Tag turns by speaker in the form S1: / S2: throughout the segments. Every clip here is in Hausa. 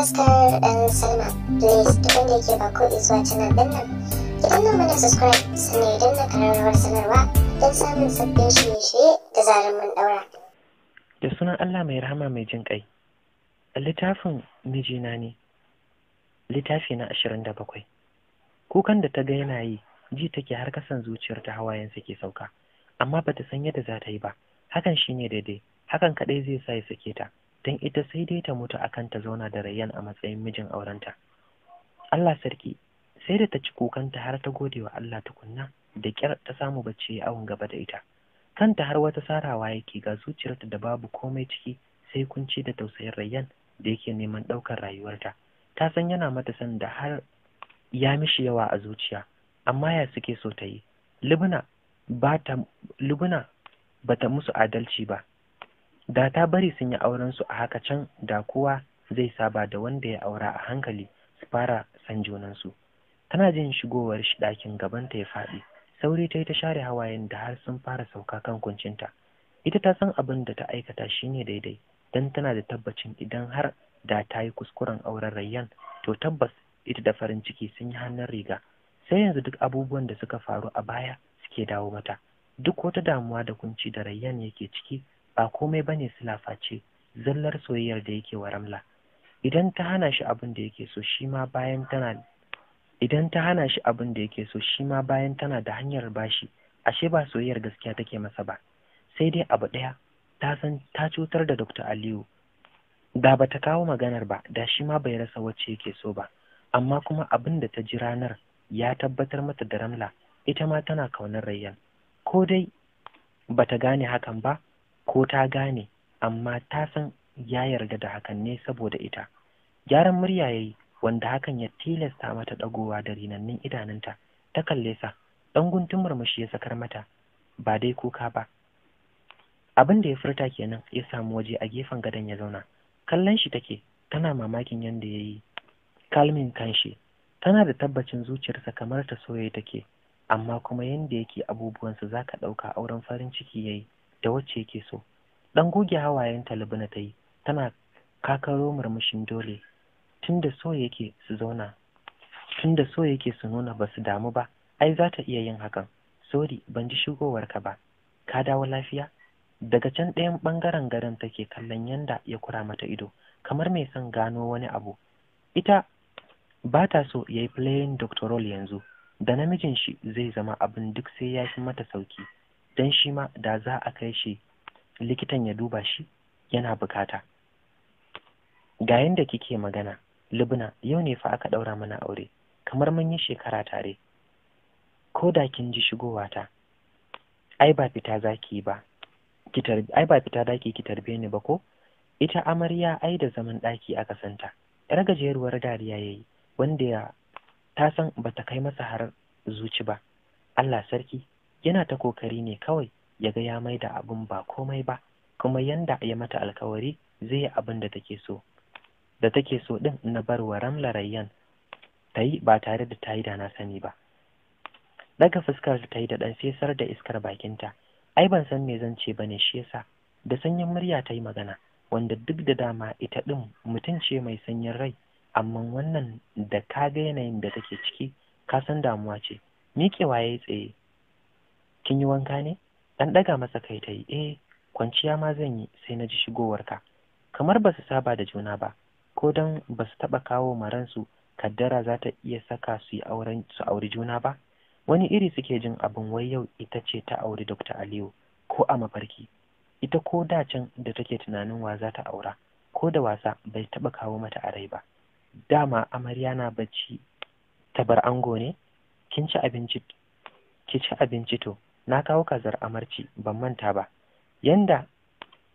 S1: podcast and Salma. Please idan da ke bako zuwa canal din nan. Ki danna mana subscribe sannan idan na kararrawar sanarwa don samun sabbin shirye-shirye da zarar mun daura. Da sunan Allah mai rahama mai jin kai. Littafin mijina ne. Littafi na ashirin da bakwai. Kukan da ta ga yana yi ji take har kasan zuciyar ta hawayen ke sauka. Amma ba ta san yadda za ta yi ba. Hakan shi ne daidai. Hakan kaɗai zai sa ya sake ta. don ita sai dai ta mutu akan ta zauna da rayyan a matsayin mijin aurenta Allah sarki sai da ta ci kukanta har ta gode wa Allah tukunna da ƙyar ta samu bacci ya awon gaba da ita kanta har wata sarawa yake ga zuciyarta da babu komai ciki sai kunci da tausayin rayyan da yake neman ɗaukar rayuwarta ta san yana mata san da har ya mishi yawa a zuciya amma ya suke so ta yi libna ba ta musu adalci ba da ta bari sun yi auren su a haka can da kowa zai saba da wanda ya aura a hankali su fara san junansu tana jin shigowar shi ɗakin ta ya faɗi sauri ta yi ta share hawayen da har sun fara sauka kan kuncinta ita ta san abin da ta aikata shine daidai don tana da tabbacin idan har da ta yi kuskuren auren rayyan to tabbas ita da farin ciki sun yi hannun riga sai yanzu duk abubuwan da suka faru a baya suke dawo mata duk wata damuwa da kunci da rayyan yake ciki ba komai bane silaface zallar soyayyar da yake wa ramla idan ta hana shi abin da yake so shi ma bayan tana idan ta hana shi abin da yake so shi ma bayan tana da hanyar bashi ashe ba soyayyar gaskiya take masa ba sai dai abu ɗaya ta san ta cutar da Dr. Aliyu da bata kawo maganar ba da shi ma bai rasa wacce yake so ba amma kuma abin da ta ji ranar ya tabbatar mata da Ramla ita ma tana kaunar Rayyan ko dai bata gane hakan ba ko ta gane amma ta san ya yarda da hakan ne saboda ita gyaran murya ya yi wanda hakan ya tilasta mata ɗagowa da rinannin idanunta ta kalle sa ɗan guntun murmushi ya sakar mata ba dai kuka ba abin da ya furta kenan ya samu waje a gefen gadon ya zauna kallon shi take tana mamakin yadda ya yi kalmin kanshi tana da tabbacin zuciyarsa kamar ta soye take amma kuma yadda yake abubuwansa za ka ɗauka auren farin ciki ya yi da wacce yake so dan goge hawayen libina ta yi tana kakaro murmushin dole tunda so yake su zauna tunda so yake su nuna ba su damu ba ai za ta iya yin hakan sori ban ji shigowarka ba ka dawo lafiya daga can ɗayan ɓangaren garin take kallon yanda ya kura mata ido kamar mai son gano wani abu ita ba ta so ya yi playing doctoral yanzu da namijin shi zai zama abin duk sai ya fi mata sauki don shi ma da za a kai shi likitan ya duba shi yana bukata ga yadda kike magana libna yau ne fa aka ɗaura mana aure kamar mun yi shekara tare ko da kin ji shigowata ai ba fita zaki ba ai ba fita daki ki tarbe ni ba ko ita amarya ai da zaman ɗaki aka santa yar gajeruwar dariya yayi wanda ya ta san bata kai masa har zuci ba Allah sarki yana ta kokari ne kawai ya ga ya mai da abin ba komai ba kuma yanda ya mata alkawari zai yi abin da take so da take so din na bar wa ramla rayyan ta yi ba tare da ta yi da na sani ba daga fuskar ta yi da ɗan sesar da iskar bakinta ai ban san me zan ce bane shi yasa da sanyin murya ta yi magana wanda duk da dama ita ɗin mutum ce mai sanyin rai amma wannan da ka ga yanayin da take ciki ka san damuwa ce miƙewa ya yi tsaye kin yi wanka ne dan ɗaga masa kai ta yi eh kwanciya ma zan yi sai na ji shigowarka kamar ba su saba da juna ba ko don ba su taɓa kawo maransu kaddara za ta iya saka su yi auren su auri juna ba wani iri suke jin abin wai yau ita ce ta auri dr aliyu ko a mafarki ita ko da can da take tunanin wa za ta aura ko da wasa bai taɓa kawo mata a rai ba dama amarya na bacci ta bar ango ne kin ci abinci to na kawo kazar amarci ban manta ba yanda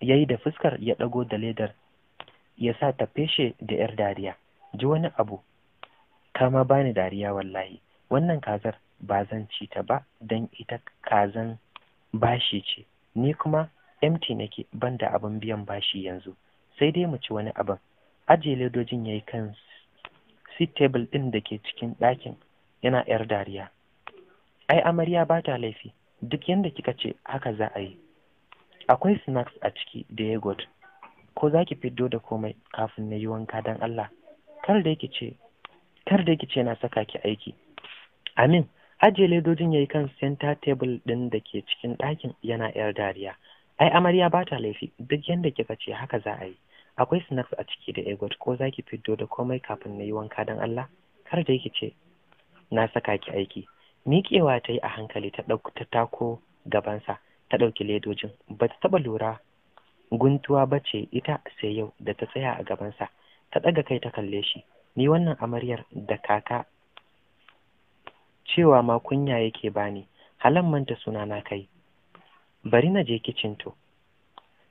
S1: yayi da fuskar ya ɗago da ledar ya sa ta feshe da ‘yar dariya ji wani abu kama bani dariya wallahi wannan kazar ba zan ci ta ba dan ita kazan bashi ce ni kuma empty nake banda da abin biyan bashi yanzu sai dai mu ci wani abin ajiye ledojin yayi kan sit table ɗin da ke cikin ɗakin yana ‘yar dariya ai amarya ba ta laifi duk yadda kika ce haka za a yi akwai snacks a ciki da yogurt ko za ki fiddo da komai kafin na yi wanka don Allah kar da yake ce ce na saka ki aiki amin ajiye ledojin ya yi kan center table ɗin da ke cikin ɗakin yana yar dariya ai amarya ba ta laifi duk yadda kika ce haka za a yi akwai snacks a ciki da yogurt ko za ki fiddo da komai kafin na yi wanka don Allah kar da yake ce na saka ki aiki miƙewa ta yi a hankali ta ta tako gabansa ta ɗauki ledojin ba ta taɓa lura guntuwa ba ce ita sai yau da ta tsaya a gabansa ta ɗaga kai ta kalle shi ni wannan amaryar da kaka cewa ma kunya yake bani halan manta suna na kai bari na je kicin to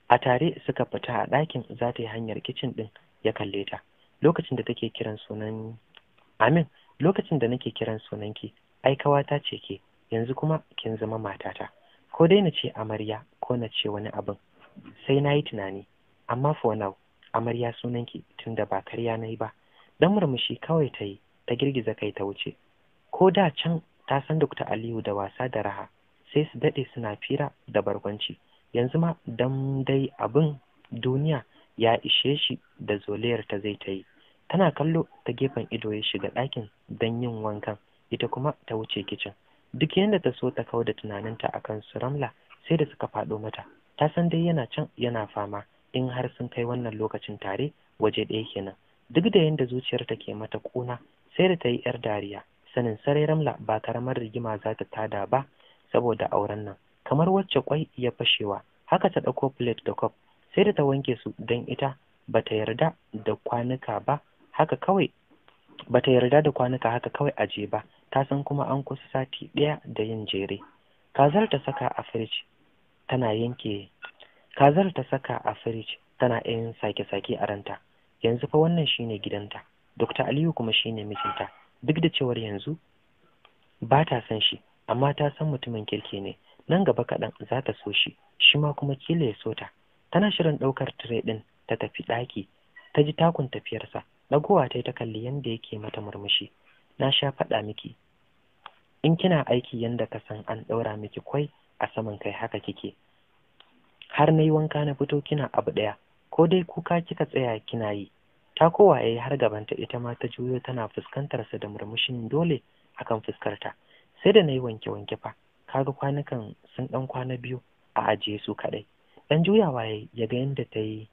S1: a tare suka fita a ɗakin za ta yi hanyar kicin ɗin ya kalle ta lokacin da take kiran sunan amin lokacin da nake kiran sunanki ai kawata ce ke yanzu kuma kin zama matata ko dai na ce amarya ko na ce wani abin sai na yi tunani amma for now amarya sunanki tun da ba karya na yi ba dan murmushi kawai ta yi ta girgiza kai ta wuce ko da can ta san dr aliyu da wasa da raha sai su daɗe suna fira da barkwanci yanzu ma dan dai abin duniya ya ishe shi da zolayar ta zai ta yi tana kallo ta gefen ido ya shiga ɗakin don yin wankan ita kuma ta wuce kicin duk yadda ta so ta kau da tunaninta kan su ramla sai da suka faɗo mata ta san dai yana can yana fama in har sun kai wannan lokacin tare waje ɗaya kenan duk da yadda zuciyarta ke mata ƙuna sai da ta yi ‘yar dariya sanin sarai ramla ba karamar rigima za ta tada ba saboda auren nan kamar wacce kwai ya fashewa haka ta ɗauko plate da kwaf sai da ta wanke su don ita ba ta yarda da kwanuka ba haka kawai bata yarda da kwanuka haka kawai a aje ba ta san kuma an kusa sati ɗaya da yin jere kazar ta saka a firij tana yanke kazar ta saka a firij tana yin sake-sake a ranta yanzu fa wannan shine gidanta dr aliyu kuma shine mijinta duk da cewar yanzu ba ta san shi amma ta san mutumin kirki ne nan gaba kaɗan za ta so shi shi ma kuma kila ya so ta tana shirin ɗaukar tire ɗin ta tafi ɗaki ta ji takun tafiyarsa Ɗagowa ta ta kalli yadda yake mata murmushi. Na sha faɗa miki. In kina aiki yadda ka san an ɗaura miki kwai a saman kai haka kike. Har na yi wanka na fito kina abu ɗaya, ko dai kuka kika tsaya kina yi. Ta kowa ya yi har gabanta ita ma ta juyo tana fuskantarsa da murmushin dole akan fuskarta. Sai da na yi wanke-wanke fa, kaga kwanukan sun ɗan kwana biyu a ajiye su kaɗai. Ɗan juyawa ya ga yadda ta yi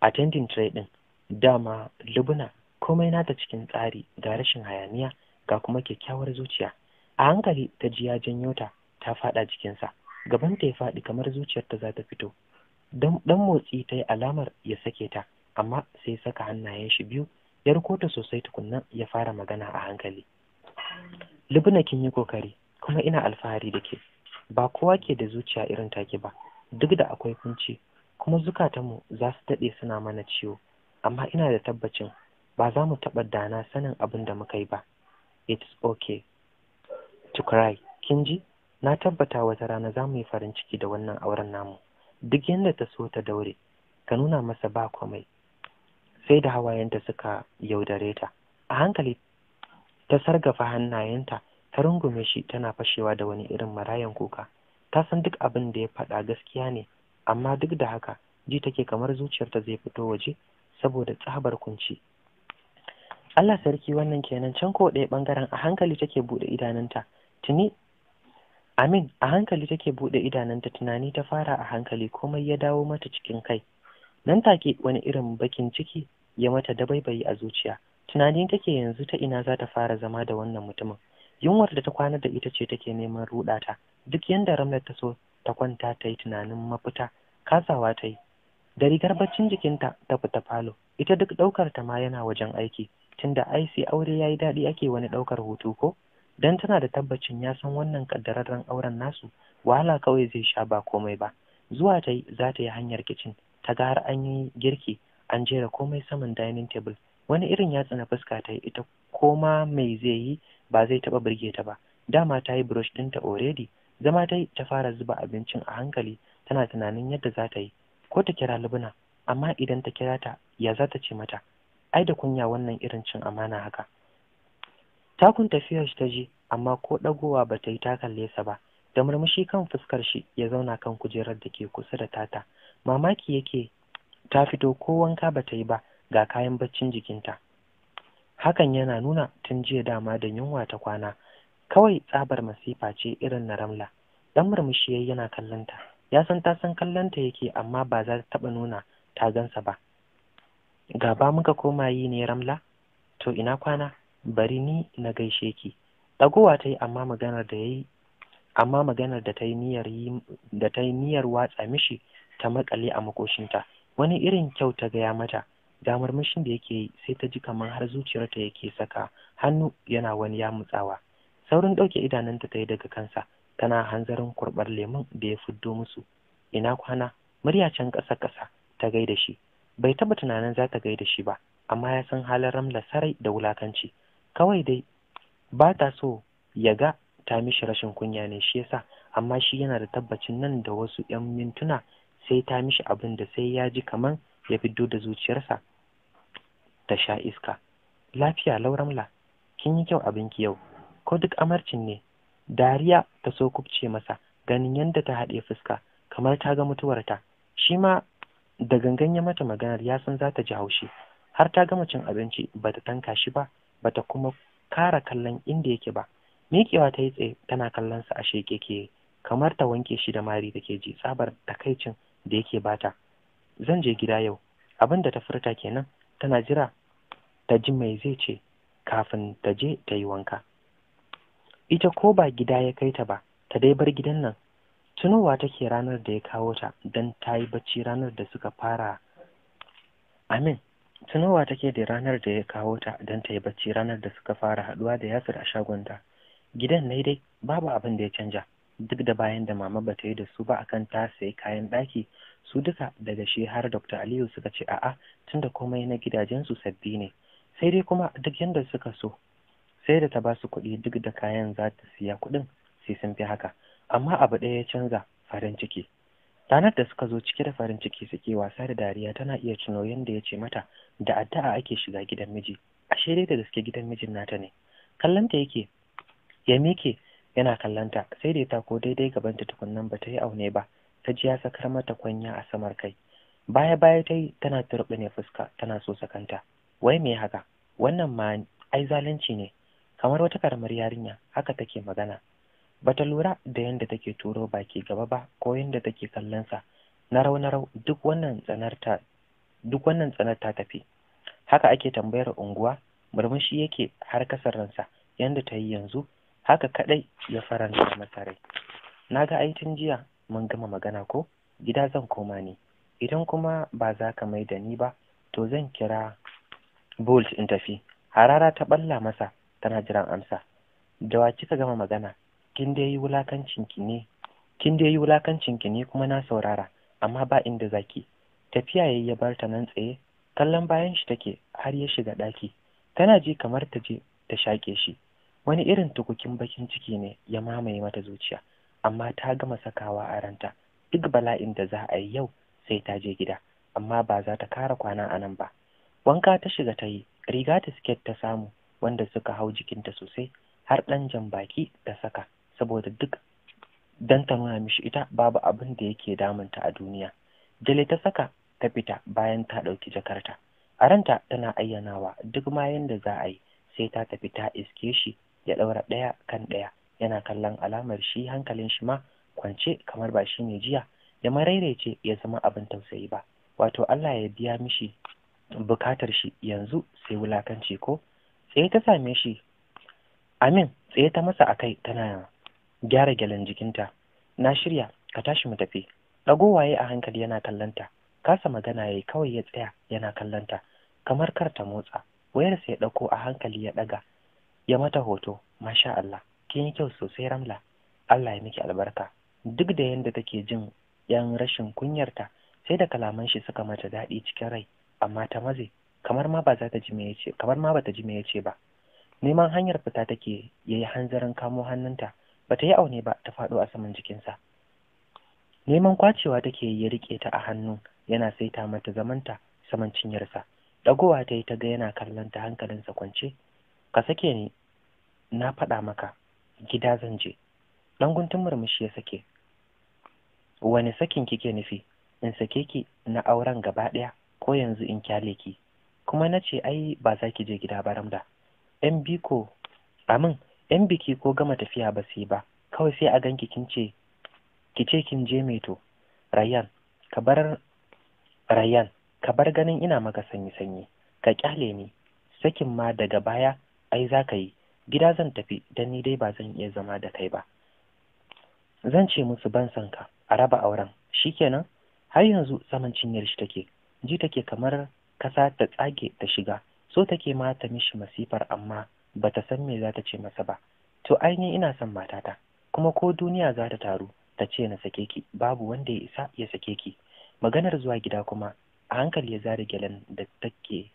S1: a tendin ɗin dama lubuna komai nata cikin tsari ga rashin hayaniya ga kuma kyakkyawar zuciya a hankali ta ji ya janyo ta ta faɗa jikinsa Gaban ta ya faɗi kamar zuciyarta za ta fito dan motsi ta yi alamar ya sake ta amma sai saka hannayen shi biyu ya riko ta sosai tukunna ya fara magana a hankali lubuna kin yi kokari kuma ina alfahari da ke ba kowa ke da zuciya irin take ba duk da akwai kunci kuma zukatanmu za su daɗe suna mana ciwo amma ina da tabbacin ba za mu taɓa dana sanin abin da muka yi ba it's okay to cry kin ji na tabbata wata rana za mu yi farin ciki da wannan auren namu duk yadda ta so ta daure ka nuna masa ba komai sai da hawayenta suka yaudare ta a hankali ta sargafa hannayenta ta rungume shi tana fashewa da wani irin marayan kuka ta san duk abin da ya faɗa gaskiya ne amma duk da haka ji take kamar zuciyarta zai fito waje saboda tsabar kunci Allah sarki wannan kenan can ko ɗaya ɓangaren a hankali take buɗe idanunta tuni amin a hankali take buɗe idanunta tunani ta fara a hankali komai ya dawo mata cikin kai nan take wani irin bakin ciki ya mata dabaibayi a zuciya tunani take yanzu ta ina za ta fara zama da wannan mutumin yunwar da ta kwana da ita ce take neman ruɗa ta duk yanda ramlar ta so ta kwanta ta yi tunanin mafita kasawa ta yi da rigar baccin jikinta ta fita falo ita duk ɗaukar ta ma yana wajen aiki tunda ai sai aure yayi daɗi ake wani ɗaukar hutu ko dan tana da tabbacin ya san wannan kaddararren auren nasu wahala kawai zai sha ba komai ba zuwa ta yi za ta yi hanyar kicin ta ga har an yi girki an jera komai saman dining table wani irin yatsa na fuska ta yi ita koma mai zai yi ba zai taɓa birge ta ba dama ta yi brush ɗinta already zama ta yi ta fara zuba abincin a hankali tana tunanin yadda za ta yi ko ta kira libina amma idan ta kira ta ya za ta ce mata ai da kunya wannan irin cin amana haka takun tafiyar shi ta ji, amma ko ɗagowa ba ta yi ta kalle sa ba da murmushi kan fuskar shi ya zauna kan kujerar da ke kusa da tata mamaki yake ta fito ko wanka ba ta yi ba ga kayan baccin jikinta hakan yana nuna tun jiya dama da yunwa ta kwana kawai tsabar masifa ce irin na ramla dan murmushi yana kallon ta ya san ta san kallonta yake amma ba za ta taɓa nuna ta gansa ba gaba muka koma yi ne ramla to ina kwana bari ni na gaishe ki ɗagowa ta yi amma maganar da ta yi niyyar watsa mishi ta makale a makoshinta wani irin kyau ta gaya mata ga murmushin da yake yi sai ta ji kamar har zuciyarta yake saka hannu yana wani ya mutsawa saurin ɗauke idanunta ta yi daga kansa tana hanzarin kurɓar lemun da ya fuddo musu ina kwana murya can ƙasa ƙasa ta gaida shi bai taɓa tunanin za ta gaida shi ba amma ya san halin ramla sarai da wulakanci kawai dai ba ta so ya ga ta mishi rashin kunya ne shi yasa amma shi yana da tabbacin nan da wasu 'yan mintuna sai ta mishi abin da sai ya ji kaman ya fiddo da zuciyarsa ta sha iska lafiya lauramla kin yi kyau abinki yau ko duk amarcin ne dariya ta so kubce masa ganin yadda ta haɗe fuska kamar ta ga mutuwarta shi ma da gangan ya mata maganar ya san za ta ji haushi har ta gama cin abinci ba ta tanka shi ba ba ta kuma kara kallon inda yake ba miƙewa ta yi tsaye tana kallon sa a sheke ke kamar ta wanke shi da mari da ke ji tsabar takaicin da yake bata zan je gida yau abin da ta furta kenan tana jira ta ji mai zai ce kafin ta je ta yi wanka ita ko ba gida ya kai ta ba ta dai bar gidan nan tunowa take ranar da ya kawo ta don ta yi bacci ranar da suka fara amin tunowa take da ranar da ya kawo ta don ta yi bacci ranar da suka fara haduwa da yasir a shagonta gidan ne dai babu abin da ya canja duk da bayan da mama bata yi da su ba akan ta sayi kayan daki su duka daga shi har dr aliyu suka ce a'a tunda komai na gidajensu sabbi ne sai dai kuma duk yadda suka so sai da ta ba su kuɗi duk da kayan za ta siya kuɗin sai sun fi haka amma abu ɗaya ya canza farin ciki ranar da suka zo cike da farin ciki suke wasa da dariya tana iya tuno yadda ya ce mata da addu'a ake shiga gidan miji ashe dai da gaske gidan mijin nata ne kallanta yake ya mike yana kallanta sai da ta ko daidai gaban ta tukunnan ba ta yi aune ba ta ji ya sakar mata kwanya a samar kai baya baya ta yi tana turɓine fuska tana so sakanta wai me haka wannan ma ai zalunci ne kamar wata karamar yarinya haka take magana bata lura da yadda take turo baki gaba ba ko yadda take kallon sa na rau na rau duk wannan tsanarta duk wannan tsanar ta tafi haka ake tambayar unguwa murmushi yake har kasar ransa yadda ta yi yanzu haka kadai ya faranta masa rai na ga ai tun jiya mun gama magana ko gida zan koma ne idan kuma ba za ka mai da ni ba to zan kira bolt in tafi harara ta balla masa tana jiran amsa da wa kika gama magana kin dai yi wulakancin ki ne kin dai yi wulakancin ki ne kuma na saurara amma ba inda zaki tafiya yayi ya bar ta nan tsaye kallon bayan shi take har ya shiga daki tana ji kamar ta je ta shake shi wani irin tukukin bakin ciki ne ya mamaye mata zuciya amma ta gama sakawa a ranta duk bala'in da za a yi yau sai ta je gida amma ba za ta kara kwana a nan ba wanka ta shiga ta yi riga ta siket ta samu wanda suka hau jikinta sosai har ɗan jan baki da saka saboda duk dan ta nuna mishi ita babu abin da yake damunta a duniya jale ta saka ta fita bayan ta ɗauki jakarta a ranta tana ayyanawa duk mayan da za a yi sai ta tafi ta iske shi ya ɗaura ɗaya kan ɗaya yana kallon alamar shi hankalin shi ma kwance kamar ba shi ne jiya ya marairaice ya zama abin tausayi ba wato Allah ya biya mishi bukatar shi yanzu sai wulakanci ko tsaye ta same shi amin tsaye ta masa a kai tana gyara gyalen jikinta na shirya ka tashi mu tafi waye a hankali yana kallonta kasa magana yayi kawai ya tsaya yana kallonta kamar kar ta motsa wayarsa ya ɗauko a hankali ya ɗaga ya mata hoto masha Allah kin yi kyau sosai Ramla Allah ya miki albarka duk da yanda take jin yan rashin kunyarta sai da kalaman shi suka mata daɗi cikin rai amma ta maze kamar ma ba za ta ji me yace kamar ma bata ji me yace ba neman hanyar fita take yayi hanzarin kamo hannunta bata yi aune ba ta faɗo a saman jikinsa neman kwacewa take ya rike ta a hannu yana saita mata zamanta saman cinyarsa dagowa ta yi ta ga yana kallon ta hankalinsa kwance ka sake ni na faɗa maka gida zan je dan guntun murmushi ya sake wani sakin kike nufi in sake ki na auren gaba ɗaya ko yanzu in kyale ki kuma na ce ai ba za ki je gida ba ramda yan biko amin yan biki ko gama tafiya ba sai ba kawai sai a ganki kin ce ki ce kin je mai to rayan ka bar rayan ka bar ganin ina maka sanyi sanyi ka kyale ni sakin ma daga baya ai za ka yi gida zan tafi dan ni dai ba zan iya zama da kai ba zan ce musu ban san a raba auren shikenan har yanzu saman cinyar shi take ji take kamar kasa ta tsage ta shiga so take ma ta mishi masifar amma ba ta san me za ta ce masa ba to ainihin ina son matata kuma ko duniya za ta taru ta ce na sake ki babu wanda ya isa ya sake ki maganar zuwa gida kuma a hankali ya zare gyalen da take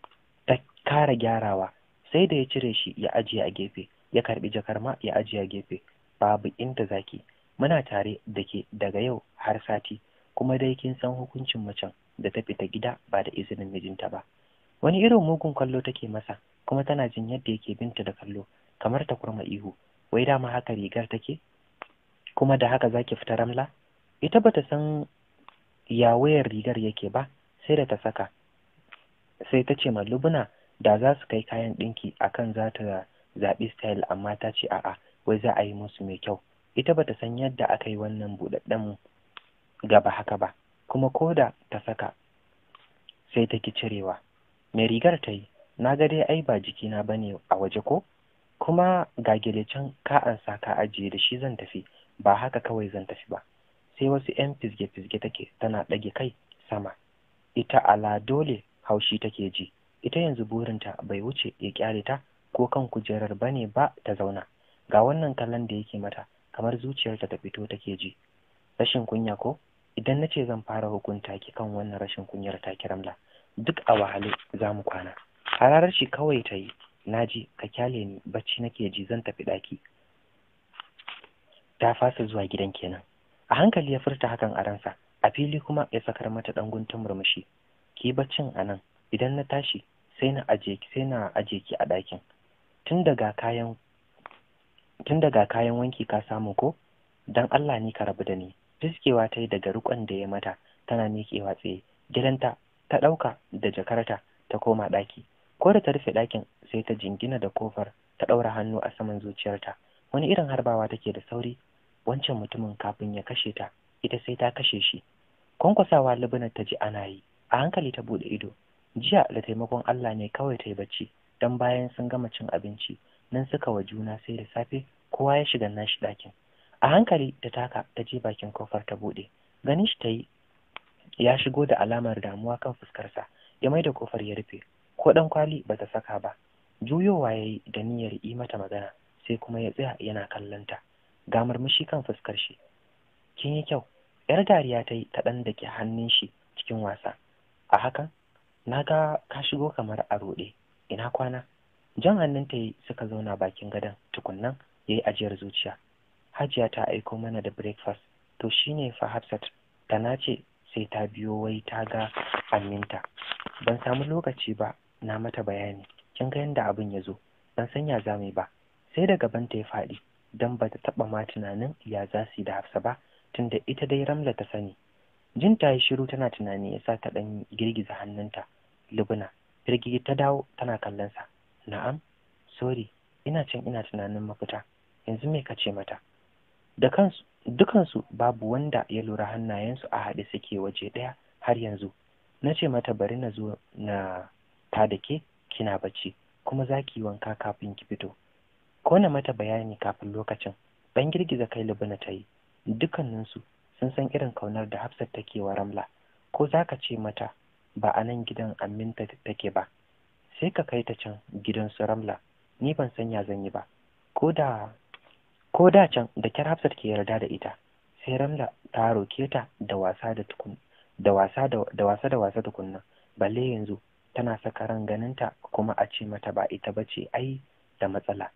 S1: ta kara gyarawa sai da ya cire shi ya ajiye a gefe ya karbi jakar ma ya ajiye a gefe babu inda zaki muna tare da ke daga yau har sati kuma dai kin san hukuncin macen da ta fita gida ba da izinin mijinta ba wani irin mugun kallo take masa kuma tana jin yadda yake binta da kallo kamar ta kurma ihu wai dama haka rigar take kuma da haka zaki fita ramla ita bata san ya wayar rigar yake ba sai da ta saka sai ta ce mallubuna da za su kai kayan ɗinki akan za ta zaɓi style amma ta ce a'a wai za a yi musu mai kyau ita bata san yadda aka yi wannan buɗaɗɗen gaba haka ba kuma ko da ta saka sai ta ki cirewa mai rigar ta yi na ga dai ai ba jikina ba ne a waje ko kuma ga can ka ansa ka ajiye da shi zan tafi ba haka kawai zan tafi ba sai wasu 'yan fizge-fizge take tana ɗage kai sama ita ala dole haushi take ji ita yanzu burinta bai wuce ya kyale ta ko kan kujerar ba ne ba ta zauna ga wannan kallon da yake mata kamar zuciyarta ta fito take ji rashin kunya ko idan na ce zan fara hukunta ki kan wannan rashin kunyar ta kiramla duk a wahale za mu kwana hararar shi kawai ta yi Na ji ka kyale ni bacci nake ji zan tafi ɗaki ta fasa zuwa gidan kenan a hankali ya furta hakan a ransa a fili kuma ya sakar mata ɗan guntun murmushi ki baccin a nan idan na tashi sai na aje ki sai na aje ki a ɗakin tun daga kayan tun daga kayan wanki ka samu ko dan Allah ni ka rabu da ni fiskewa ta yi daga rikon da ya mata tana miƙewa tsaye gidanta ta ɗauka da jakarta ta koma ɗaki ko da ta rufe ɗakin sai ta jingina da kofar ta ɗaura hannu a saman zuciyarta wani irin harbawa take da sauri wancan mutumin kafin ya kashe ta ita sai ta kashe shi kwankwasawa libinar ta ji ana yi a hankali ta buɗe ido jiya da taimakon Allah ne kawai ta yi bacci dan bayan sun gama cin abinci nan suka wa juna sai da safe kowa ya shiga nashi ɗakin a hankali da taka ta je bakin kofar ta buɗe ganin shi ta yi ya shigo da alamar damuwa kan fuskarsa ya mai da kofar ya rufe ko ɗan kwali ba ta saka ba juyowa ya yi da niyyar yi mata magana sai kuma ya tsaya yana kallonta ga murmushi kan fuskar shi kin yi kyau yar dariya ta yi ta ɗan dake hannun shi cikin wasa a hakan na ga ka shigo kamar a ruɗe ina kwana jan hannun ta yi suka zauna bakin gadon tukunnan ya yi ajiyar zuciya hajiya ta aiko mana da breakfast to shine fa hafsat da na ce sai ta biyo wai ta ga aminta ban samu lokaci ba na mata bayani kin ga yadda abin ya zo ban san ya zame ba sai da gaban ta ya faɗi Don ba ta taɓa ma tunanin ya za su yi da hafsa ba tunda ita dai ramla ta sani jin ta yi shiru tana tunani ya sa ta ɗan girgiza hannunta lubuna firgigi ta dawo tana kallon sa. na'am sorry ina cin ina tunanin mafita yanzu me ka ce mata da kansu dukansu babu wanda ya lura hannayensu a haɗe suke waje ɗaya har yanzu na ce mata bari na zo na ta da ke kina bacci kuma za ki yi wanka kafin ki fito ko na mata bayani kafin lokacin ɗan girgiza kai libina ta yi dukkaninsu sun san irin kaunar da hafsat take wa ramla ko za ka ce mata ba a nan gidan aminta take ba sai ka kai ta can gidan su ramla ni ban san ya zan yi ba ko da ko da can da kyar hafsat ke yarda da ita sai ramla ta roke ta da wasa da tukun da wasa da, wasa da wasa tukunna balle yanzu tana saka ran ganinta kuma a ce mata ba ita ba ce ai da matsala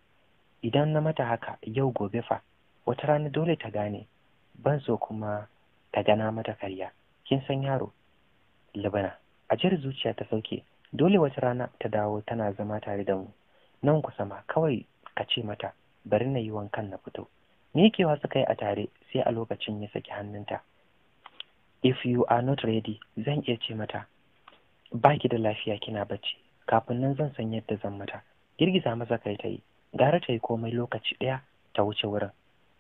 S1: idan na mata haka yau gobe fa wata rana dole ta gane ban so kuma ta gana mata karya kin san yaro libana a jar zuciya ta sauke dole wata rana ta dawo tana zama tare da mu nan kusa ma kawai ka ce mata bari na yi wankan na fito miƙewa suka yi a tare sai a lokacin ya saki hannunta if you are not ready zan iya ce mata ba ki da lafiya kina bacci kafin nan zan san yadda zan mata girgiza masa kai ta yi gara ta yi komai lokaci ɗaya ta wuce wurin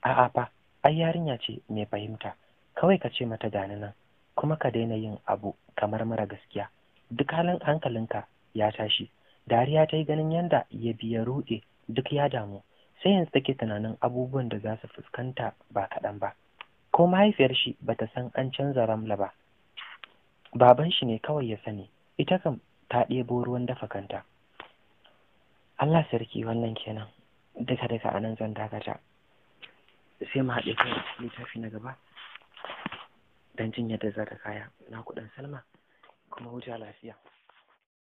S1: a'a fa ai yarinya ce mai fahimta kawai ka ce mata gani nan kuma ka daina yin abu kamar mara gaskiya duk halin hankalinka ya tashi dariya ta yi ganin yanda ya biya ruɗe duk ya damu sai yanzu take tunanin abubuwan da za su fuskanta ba kaɗan ba ko mahaifiyar shi ba ta san an canza ramla ba baban shi ne kawai ya sani ita kam ta ɗebo ruwan dafa kanta Allah sarki wannan kenan duka duka anan zan dakata sai mu haɗe kai littafi na gaba don jin yadda za ta kaya na kuɗin salma kuma huta lafiya